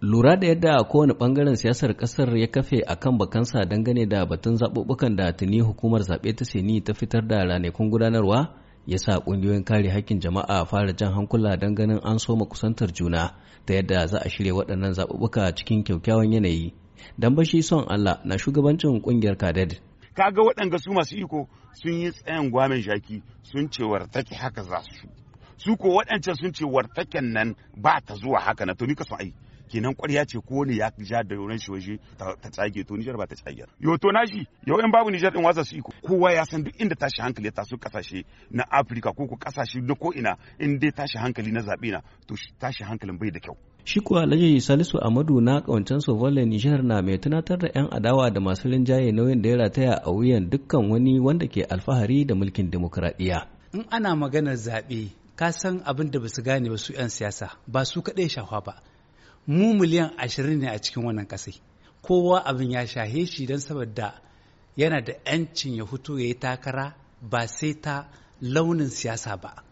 lura da yadda kowane bangaren siyasar kasar ya kafe a kan bakansa dangane da batun zaɓuɓɓukan da tuni hukumar zaɓe ta seni ta fitar da ranakun gudanarwa ya sa ƙungiyoyin kare hakkin jama'a fara jan hankula don ganin an soma kusantar juna ta yadda za a shirya waɗannan zaɓuɓɓuka cikin kyakkyawan yanayi dan bashi son Allah na shugabancin ƙungiyar kaded kaga waɗanda su masu iko sun yi tsayin gwamin shaki sun ce wartake haka za su su ko waɗancan sun ce wartaken nan ba ta zuwa haka na to ka so ai kenan kwarya ce ko ne ya ja da yoran shi waje ta tsage to Nijar ba ta tsage yo to na shi in babu Nijar din wasa su iko kowa ya san duk inda tashi hankali ya taso kasashe na Afirka ko ko kasashe na ko ina in dai tashi hankali na zabe na to tashi hankalin bai da kyau shi kuwa Alhaji Salisu Amadu na kawancen Sovolle Nijar na mai tunatar da 'yan adawa da masu rinjaye nauyin da ya rataya a wuyan dukkan wani wanda ke alfahari da mulkin demokuraɗiyya. In ana maganar zaɓe, ka san abin da ba su gane ba su 'yan siyasa ba su kaɗai shafa ba mu miliyan ashirin ne a cikin wannan kasai kowa abin ya shahe shi don saboda yana da 'yancin ya fito ya yi takara ba sai ta launin siyasa ba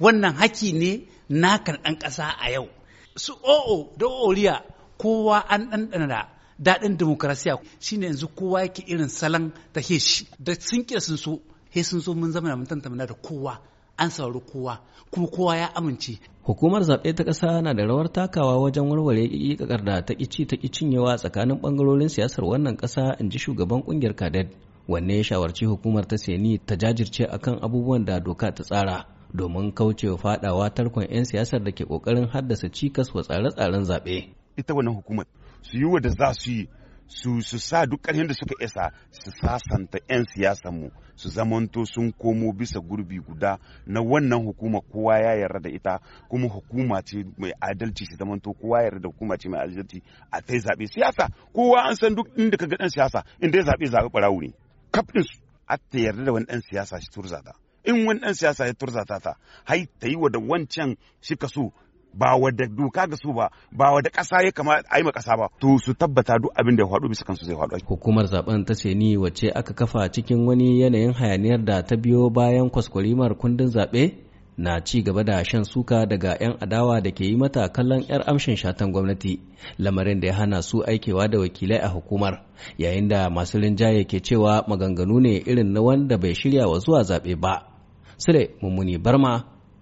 wannan haki ne nakan ɗan ƙasa a yau su o'o da oriya kowa an ɗanɗana daɗin demokrasiya shine yanzu kowa yake irin salon ta shi da sun sun so he sun so mun zama na mun tantamna da kowa an sauri kowa kuma kowa ya amince hukumar zaɓe ta ƙasa na da rawar takawa wajen warware ƙiƙakar da ta ci ta ƙi cinyewa tsakanin ɓangarorin siyasar wannan ƙasa in ji shugaban ƙungiyar kadet wanne ya shawarci hukumar ta seni ta jajirce akan abubuwan da doka ta tsara domin kaucewa faɗawa tarkon 'yan siyasar da ke ƙoƙarin haddasa cikas wa tsare-tsaren zaɓe ita wannan hukumar su yi wa da za su yi su su sa duk ƙarfin da suka isa su sasanta 'yan siyasanmu su zamanto sun komo bisa gurbi guda na wannan hukuma kowa ya yarda da ita kuma hukuma ce mai adalci su zamanto kowa ya yarda da hukuma ce mai adalci a ta zaɓe siyasa kowa an san duk inda ka ga ɗan siyasa inda ya zaɓe zaɓe ɓarawo ne kaf ɗin su a ta yarda da wani ɗan siyasa shi turzata in wani ɗan siyasa ya turzata ta hai ta yi wa da wancan shi ka so ba wadda doka ga su ba ba wadda ƙasa ya kama a yi ma ba to su tabbata duk abin da ya faɗo bisa kansu zai faɗo. Hukumar zaben ta ni wacce aka kafa cikin wani yanayin hayaniyar da ta biyo bayan kwaskwarimar kundin zaɓe na ci gaba da shan suka daga 'yan adawa da ke yi mata kallon 'yar amshin shatan gwamnati lamarin da ya hana su aikewa da wakilai a hukumar yayin da masu rinjaye ke cewa maganganu ne irin na wanda bai shirya wa zuwa zaɓe ba. Sule Mummuni Barma